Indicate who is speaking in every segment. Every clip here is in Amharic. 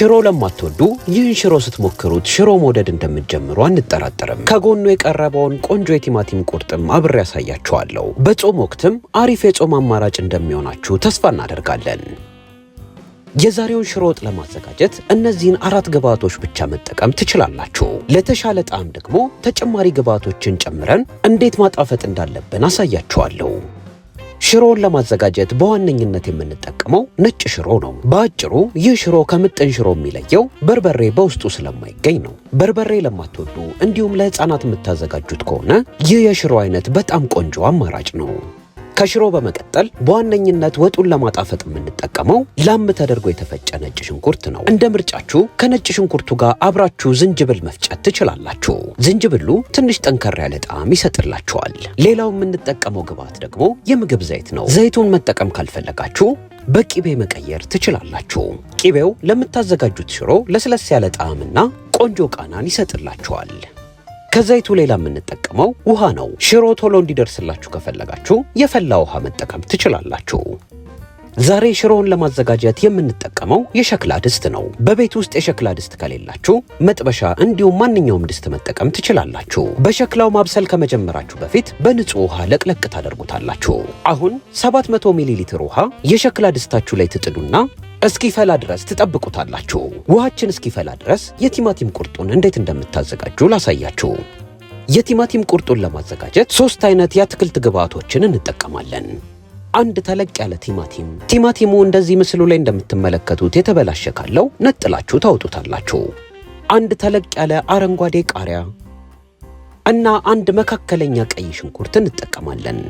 Speaker 1: ሽሮ ለማትወዱ ይህን ሽሮ ስትሞክሩት ሽሮ መውደድ እንደምትጀምሩ አንጠራጠርም። ከጎኑ የቀረበውን ቆንጆ የቲማቲም ቁርጥም አብሬ ያሳያችኋለሁ። በጾም ወቅትም አሪፍ የጾም አማራጭ እንደሚሆናችሁ ተስፋ እናደርጋለን። የዛሬውን ሽሮ ወጥ ለማዘጋጀት እነዚህን አራት ግብአቶች ብቻ መጠቀም ትችላላችሁ። ለተሻለ ጣዕም ደግሞ ተጨማሪ ግብአቶችን ጨምረን እንዴት ማጣፈጥ እንዳለብን አሳያችኋለሁ። ሽሮውን ለማዘጋጀት በዋነኝነት የምንጠቀመው ነጭ ሽሮ ነው። በአጭሩ ይህ ሽሮ ከምጥን ሽሮ የሚለየው በርበሬ በውስጡ ስለማይገኝ ነው። በርበሬ ለማትወዱ እንዲሁም ለሕፃናት የምታዘጋጁት ከሆነ ይህ የሽሮ አይነት በጣም ቆንጆ አማራጭ ነው። ከሽሮ በመቀጠል በዋነኝነት ወጡን ለማጣፈጥ የምንጠቀመው ላም ተደርጎ የተፈጨ ነጭ ሽንኩርት ነው። እንደ ምርጫችሁ ከነጭ ሽንኩርቱ ጋር አብራችሁ ዝንጅብል መፍጨት ትችላላችሁ። ዝንጅብሉ ትንሽ ጠንከር ያለ ጣዕም ይሰጥላችኋል። ሌላው የምንጠቀመው ግብዓት ደግሞ የምግብ ዘይት ነው። ዘይቱን መጠቀም ካልፈለጋችሁ በቂቤ መቀየር ትችላላችሁ። ቂቤው ለምታዘጋጁት ሽሮ ለስለስ ያለ ጣዕምና ቆንጆ ቃናን ይሰጥላችኋል። ከዘይቱ ሌላ የምንጠቀመው ውሃ ነው። ሽሮ ቶሎ እንዲደርስላችሁ ከፈለጋችሁ የፈላ ውሃ መጠቀም ትችላላችሁ። ዛሬ ሽሮውን ለማዘጋጀት የምንጠቀመው የሸክላ ድስት ነው። በቤት ውስጥ የሸክላ ድስት ከሌላችሁ መጥበሻ እንዲሁም ማንኛውም ድስት መጠቀም ትችላላችሁ። በሸክላው ማብሰል ከመጀመራችሁ በፊት በንጹህ ውሃ ለቅለቅ ታደርጉታላችሁ። አሁን 700 ሚሊ ሊትር ውሃ የሸክላ ድስታችሁ ላይ ትጥዱና እስኪፈላ ድረስ ትጠብቁታላችሁ። ውሃችን እስኪፈላ ድረስ የቲማቲም ቁርጡን እንዴት እንደምታዘጋጁ ላሳያችሁ። የቲማቲም ቁርጡን ለማዘጋጀት ሶስት አይነት የአትክልት ግብአቶችን እንጠቀማለን። አንድ ተለቅ ያለ ቲማቲም። ቲማቲሙ እንደዚህ ምስሉ ላይ እንደምትመለከቱት የተበላሸ ካለው ነጥላችሁ ታወጡታላችሁ። አንድ ተለቅ ያለ አረንጓዴ ቃሪያ እና አንድ መካከለኛ ቀይ ሽንኩርት እንጠቀማለን።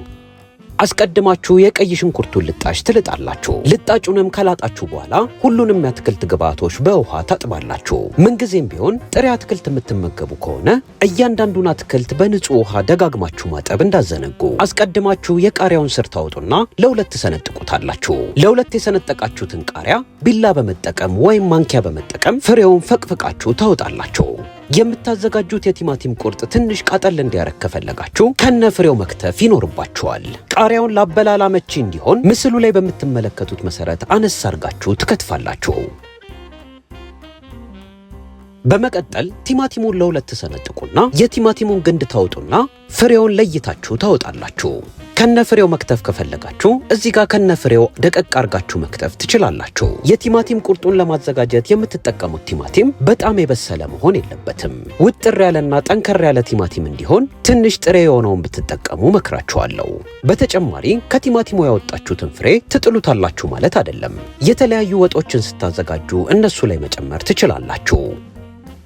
Speaker 1: አስቀድማችሁ የቀይ ሽንኩርቱን ልጣጭ ትልጣላችሁ። ልጣጩንም ከላጣችሁ በኋላ ሁሉንም የአትክልት ግብዓቶች በውሃ ታጥባላችሁ። ምንጊዜም ቢሆን ጥሬ አትክልት የምትመገቡ ከሆነ እያንዳንዱን አትክልት በንጹህ ውሃ ደጋግማችሁ ማጠብ እንዳዘነጉ። አስቀድማችሁ የቃሪያውን ስር ታወጡና ለሁለት ሰነጥቁታላችሁ። ለሁለት የሰነጠቃችሁትን ቃሪያ ቢላ በመጠቀም ወይም ማንኪያ በመጠቀም ፍሬውን ፈቅፍቃችሁ ታወጣላችሁ። የምታዘጋጁት የቲማቲም ቁርጥ ትንሽ ቃጠል እንዲያረግ ከፈለጋችሁ ከነ ፍሬው መክተፍ ይኖርባችኋል። ቃሪያውን ላበላል አመቺ እንዲሆን ምስሉ ላይ በምትመለከቱት መሰረት አነስ አርጋችሁ ትከትፋላችሁ። በመቀጠል ቲማቲሙን ለሁለት ሰነጥቁና የቲማቲሙን ግንድ ታውጡና ፍሬውን ለይታችሁ ታወጣላችሁ። ከነፍሬው መክተፍ ከፈለጋችሁ እዚህ ጋር ከነፍሬው ደቀቅ አርጋችሁ መክተፍ ትችላላችሁ። የቲማቲም ቁርጡን ለማዘጋጀት የምትጠቀሙት ቲማቲም በጣም የበሰለ መሆን የለበትም። ውጥር ያለና ጠንከር ያለ ቲማቲም እንዲሆን ትንሽ ጥሬ የሆነውን ብትጠቀሙ መክራችኋለሁ። በተጨማሪ ከቲማቲሙ ያወጣችሁትን ፍሬ ትጥሉታላችሁ ማለት አይደለም። የተለያዩ ወጦችን ስታዘጋጁ እነሱ ላይ መጨመር ትችላላችሁ።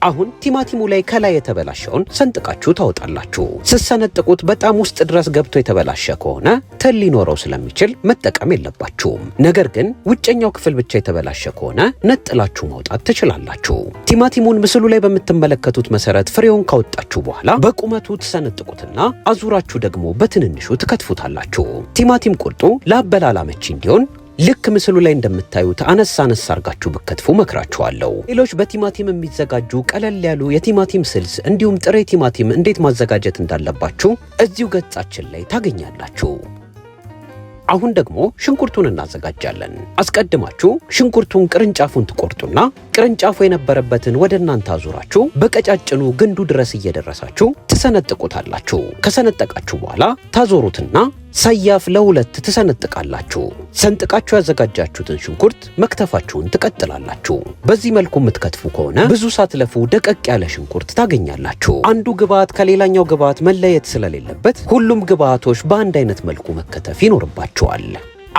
Speaker 1: አሁን ቲማቲሙ ላይ ከላይ የተበላሸውን ሰንጥቃችሁ ታወጣላችሁ። ስትሰነጥቁት በጣም ውስጥ ድረስ ገብቶ የተበላሸ ከሆነ ትል ሊኖረው ስለሚችል መጠቀም የለባችሁም። ነገር ግን ውጨኛው ክፍል ብቻ የተበላሸ ከሆነ ነጥላችሁ ማውጣት ትችላላችሁ። ቲማቲሙን ምስሉ ላይ በምትመለከቱት መሰረት ፍሬውን ካወጣችሁ በኋላ በቁመቱ ትሰነጥቁትና አዙራችሁ ደግሞ በትንንሹ ትከትፉታላችሁ። ቲማቲም ቁርጡ ለአበላል አመቺ እንዲሆን ልክ ምስሉ ላይ እንደምታዩት አነስ አነስ አርጋችሁ ብከትፉ መክራችኋለሁ። ሌሎች በቲማቲም የሚዘጋጁ ቀለል ያሉ የቲማቲም ስልስ እንዲሁም ጥሬ ቲማቲም እንዴት ማዘጋጀት እንዳለባችሁ እዚሁ ገጻችን ላይ ታገኛላችሁ። አሁን ደግሞ ሽንኩርቱን እናዘጋጃለን። አስቀድማችሁ ሽንኩርቱን ቅርንጫፉን ትቆርጡና ቅርንጫፉ የነበረበትን ወደ እናንተ አዙራችሁ በቀጫጭኑ ግንዱ ድረስ እየደረሳችሁ ትሰነጥቁታላችሁ። ከሰነጠቃችሁ በኋላ ታዞሩትና ሰያፍ ለሁለት ትሰነጥቃላችሁ። ሰንጥቃችሁ ያዘጋጃችሁትን ሽንኩርት መክተፋችሁን ትቀጥላላችሁ። በዚህ መልኩ የምትከትፉ ከሆነ ብዙ ሳትለፉ ደቀቅ ያለ ሽንኩርት ታገኛላችሁ። አንዱ ግብዓት ከሌላኛው ግብዓት መለየት ስለሌለበት ሁሉም ግብዓቶች በአንድ አይነት መልኩ መከተፍ ይኖርባችኋል።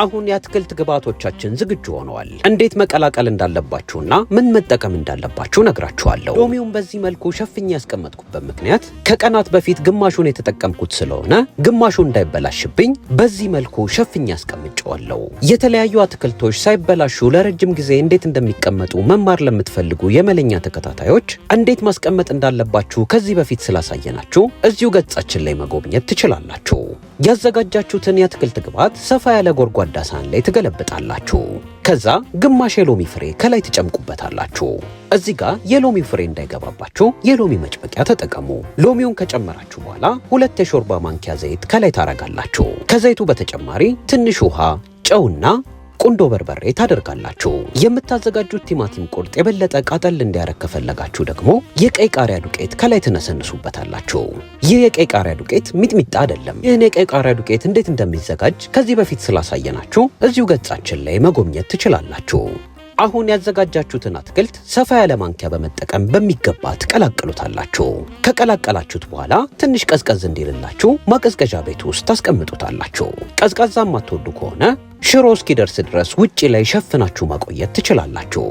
Speaker 1: አሁን የአትክልት ግብዓቶቻችን ዝግጁ ሆነዋል። እንዴት መቀላቀል እንዳለባችሁና ምን መጠቀም እንዳለባችሁ ነግራችኋለሁ።
Speaker 2: ሎሚውን በዚህ መልኩ ሸፍኝ ያስቀመጥኩበት ምክንያት ከቀናት በፊት ግማሹን የተጠቀምኩት ስለሆነ ግማሹ እንዳይበላሽብኝ በዚህ መልኩ ሸፍኝ ያስቀምጨዋለሁ። የተለያዩ አትክልቶች ሳይበላሹ ለረጅም ጊዜ እንዴት እንደሚቀመጡ መማር ለምትፈልጉ የመለኛ ተከታታዮች እንዴት ማስቀመጥ እንዳለባችሁ ከዚህ በፊት ስላሳየናችሁ እዚሁ ገጻችን ላይ መጎብኘት ትችላላችሁ። ያዘጋጃችሁትን የአትክልት ግብዓት ሰፋ ያለ ጎርጓ ጎድጓዳ ሳህን ላይ ትገለብጣላችሁ። ከዛ ግማሽ የሎሚ ፍሬ ከላይ ትጨምቁበታላችሁ። እዚህ ጋር የሎሚ ፍሬ እንዳይገባባችሁ የሎሚ መጭመቂያ ተጠቀሙ። ሎሚውን ከጨመራችሁ በኋላ ሁለት የሾርባ ማንኪያ ዘይት ከላይ ታረጋላችሁ። ከዘይቱ በተጨማሪ ትንሽ ውሃ፣ ጨውና ቁንዶ በርበሬ ታደርጋላችሁ። የምታዘጋጁት ቲማቲም ቁርጥ የበለጠ ቃጠል እንዲያረግ ከፈለጋችሁ ደግሞ የቀይ ቃሪያ ዱቄት ከላይ ትነሰንሱበታላችሁ። ይህ የቀይ ቃሪያ ዱቄት ሚጥሚጣ አይደለም። ይህን የቀይ ቃሪያ ዱቄት እንዴት እንደሚዘጋጅ ከዚህ በፊት ስላሳየናችሁ እዚሁ ገጻችን ላይ መጎብኘት ትችላላችሁ። አሁን ያዘጋጃችሁትን አትክልት ሰፋ ያለ ማንኪያ በመጠቀም በሚገባ ትቀላቅሉታላችሁ። ከቀላቀላችሁት በኋላ ትንሽ ቀዝቀዝ እንዲልላችሁ ማቀዝቀዣ ቤት ውስጥ ታስቀምጡታላችሁ። ቀዝቃዛ የማትወዱ ከሆነ ሽሮ እስኪደርስ ድረስ ውጪ ላይ ሸፍናችሁ ማቆየት ትችላላችሁ።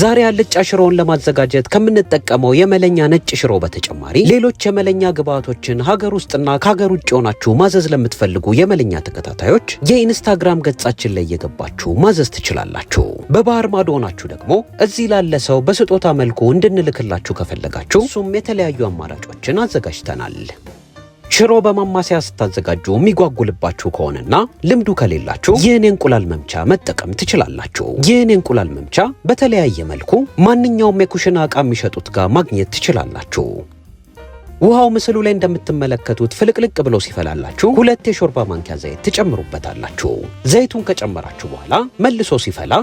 Speaker 2: ዛሬ አልጫ ሽሮውን ለማዘጋጀት ከምንጠቀመው የመለኛ ነጭ ሽሮ በተጨማሪ ሌሎች የመለኛ ግብዓቶችን ሀገር ውስጥና ከሀገር ውጭ ሆናችሁ ማዘዝ ለምትፈልጉ የመለኛ ተከታታዮች የኢንስታግራም ገጻችን ላይ እየገባችሁ ማዘዝ ትችላላችሁ። በባህር ማዶ ሆናችሁ ደግሞ እዚህ ላለ ሰው በስጦታ መልኩ እንድንልክላችሁ ከፈለጋችሁ እሱም የተለያዩ አማራጮችን አዘጋጅተናል። ሽሮ በማማሰያ ስታዘጋጁ የሚጓጉልባችሁ ከሆነና ልምዱ ከሌላችሁ ይህን እንቁላል መምቻ መጠቀም ትችላላችሁ። ይህን እንቁላል መምቻ በተለያየ መልኩ ማንኛውም የኩሽና ዕቃ የሚሸጡት ጋር ማግኘት ትችላላችሁ። ውሃው ምስሉ ላይ እንደምትመለከቱት ፍልቅልቅ ብሎ ሲፈላላችሁ ሁለት የሾርባ ማንኪያ ዘይት ትጨምሩበታላችሁ። ዘይቱን ከጨመራችሁ በኋላ መልሶ ሲፈላ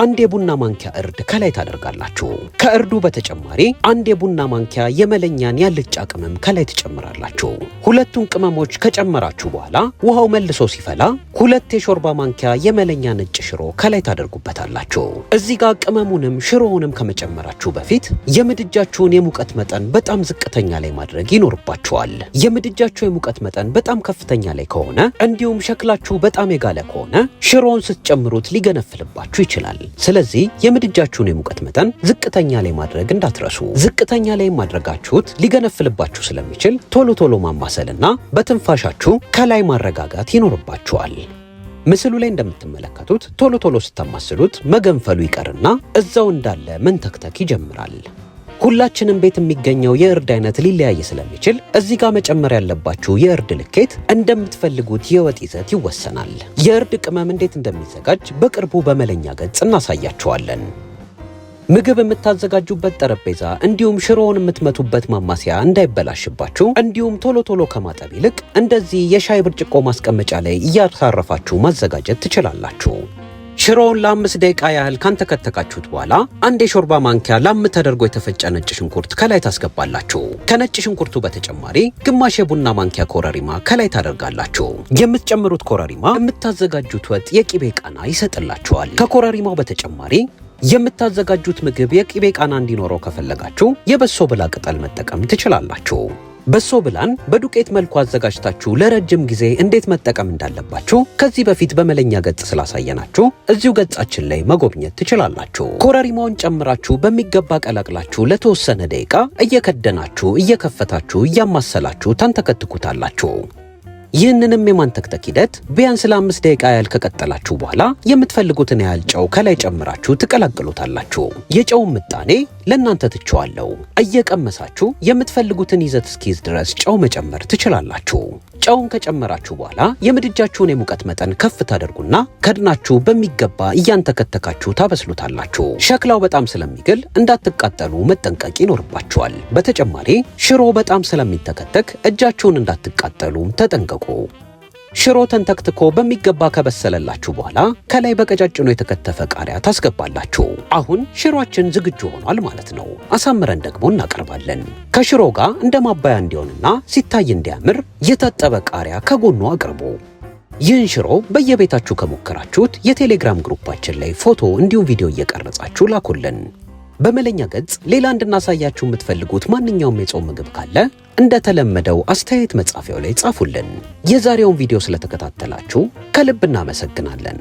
Speaker 2: አንድ የቡና ማንኪያ እርድ ከላይ ታደርጋላችሁ። ከእርዱ በተጨማሪ አንድ የቡና ማንኪያ የመለኛን ያልጫ ቅመም ከላይ ትጨምራላችሁ። ሁለቱን ቅመሞች ከጨመራችሁ በኋላ ውሃው መልሶ ሲፈላ ሁለት የሾርባ ማንኪያ የመለኛ ነጭ ሽሮ ከላይ ታደርጉበታላችሁ። እዚህ ጋር ቅመሙንም ሽሮውንም ከመጨመራችሁ በፊት የምድጃችሁን የሙቀት መጠን በጣም ዝቅተኛ ላይ ማድረግ ይኖርባችኋል። የምድጃችሁ የሙቀት መጠን በጣም ከፍተኛ ላይ ከሆነ እንዲሁም ሸክላችሁ በጣም የጋለ ከሆነ ሽሮውን ስትጨምሩት ሊገነፍልባችሁ ይችላል። ስለዚህ የምድጃችሁን የሙቀት መጠን ዝቅተኛ ላይ ማድረግ እንዳትረሱ። ዝቅተኛ ላይ ማድረጋችሁት ሊገነፍልባችሁ ስለሚችል ቶሎ ቶሎ ማማሰልና በትንፋሻችሁ ከላይ ማረጋጋት ይኖርባችኋል። ምስሉ ላይ እንደምትመለከቱት ቶሎ ቶሎ ስታማስሉት መገንፈሉ ይቀርና እዛው እንዳለ መንተክተክ ይጀምራል። ሁላችንም ቤት የሚገኘው የእርድ አይነት ሊለያይ ስለሚችል እዚህ ጋር መጨመር ያለባችሁ የእርድ ልኬት እንደምትፈልጉት የወጥ ይዘት ይወሰናል። የእርድ ቅመም እንዴት እንደሚዘጋጅ በቅርቡ በመለኛ ገጽ እናሳያችኋለን። ምግብ የምታዘጋጁበት ጠረጴዛ እንዲሁም ሽሮውን የምትመቱበት ማማሲያ እንዳይበላሽባችሁ እንዲሁም ቶሎ ቶሎ ከማጠብ ይልቅ እንደዚህ የሻይ ብርጭቆ ማስቀመጫ ላይ እያሳረፋችሁ ማዘጋጀት ትችላላችሁ። ሽሮውን ለአምስት ደቂቃ ያህል ካንተከተካችሁት በኋላ አንድ የሾርባ ማንኪያ ላም ተደርጎ የተፈጨ ነጭ ሽንኩርት ከላይ ታስገባላችሁ። ከነጭ ሽንኩርቱ በተጨማሪ ግማሽ የቡና ማንኪያ ኮረሪማ ከላይ ታደርጋላችሁ። የምትጨምሩት ኮረሪማ የምታዘጋጁት ወጥ የቂቤ ቃና ይሰጥላችኋል። ከኮረሪማው በተጨማሪ የምታዘጋጁት ምግብ የቂቤ ቃና እንዲኖረው ከፈለጋችሁ የበሶ ብላ ቅጠል መጠቀም ትችላላችሁ። በሶ ብላን በዱቄት መልኩ አዘጋጅታችሁ ለረጅም ጊዜ እንዴት መጠቀም እንዳለባችሁ ከዚህ በፊት በመለኛ ገጽ ስላሳየናችሁ እዚሁ ገጻችን ላይ መጎብኘት ትችላላችሁ። ኮረሪማውን ጨምራችሁ በሚገባ ቀላቅላችሁ ለተወሰነ ደቂቃ እየከደናችሁ እየከፈታችሁ እያማሰላችሁ ታንተከትኩታላችሁ። ይህንንም የማንተክተክ ሂደት ቢያንስ ለአምስት ደቂቃ ያህል ከቀጠላችሁ በኋላ የምትፈልጉትን ያህል ጨው ከላይ ጨምራችሁ ትቀላቅሉታላችሁ። የጨውን ምጣኔ ለእናንተ ትቼዋለሁ። እየቀመሳችሁ የምትፈልጉትን ይዘት እስኪይዝ ድረስ ጨው መጨመር ትችላላችሁ። ጨውን ከጨመራችሁ በኋላ የምድጃችሁን የሙቀት መጠን ከፍ ታደርጉና ከድናችሁ በሚገባ እያንተከተካችሁ ታበስሉታላችሁ። ሸክላው በጣም ስለሚግል እንዳትቃጠሉ መጠንቀቅ ይኖርባችኋል። በተጨማሪ ሽሮ በጣም ስለሚተከተክ እጃችሁን እንዳትቃጠሉ ተጠንቀቁ። ሽሮ ተንተክትኮ በሚገባ ከበሰለላችሁ በኋላ ከላይ በቀጫጭኑ የተከተፈ ቃሪያ ታስገባላችሁ። አሁን ሽሮአችን ዝግጁ ሆኗል ማለት ነው። አሳምረን ደግሞ እናቀርባለን። ከሽሮ ጋር እንደ ማባያ እንዲሆንና ሲታይ እንዲያምር የታጠበ ቃሪያ ከጎኑ አቅርቡ። ይህን ሽሮ በየቤታችሁ ከሞከራችሁት የቴሌግራም ግሩፓችን ላይ ፎቶ እንዲሁም ቪዲዮ እየቀረጻችሁ ላኩልን። በመለኛ ገጽ ሌላ እንድናሳያችሁ የምትፈልጉት ማንኛውም የጾም ምግብ ካለ እንደተለመደው አስተያየት መጻፊያው ላይ ጻፉልን። የዛሬውን ቪዲዮ ስለተከታተላችሁ ከልብ እናመሰግናለን።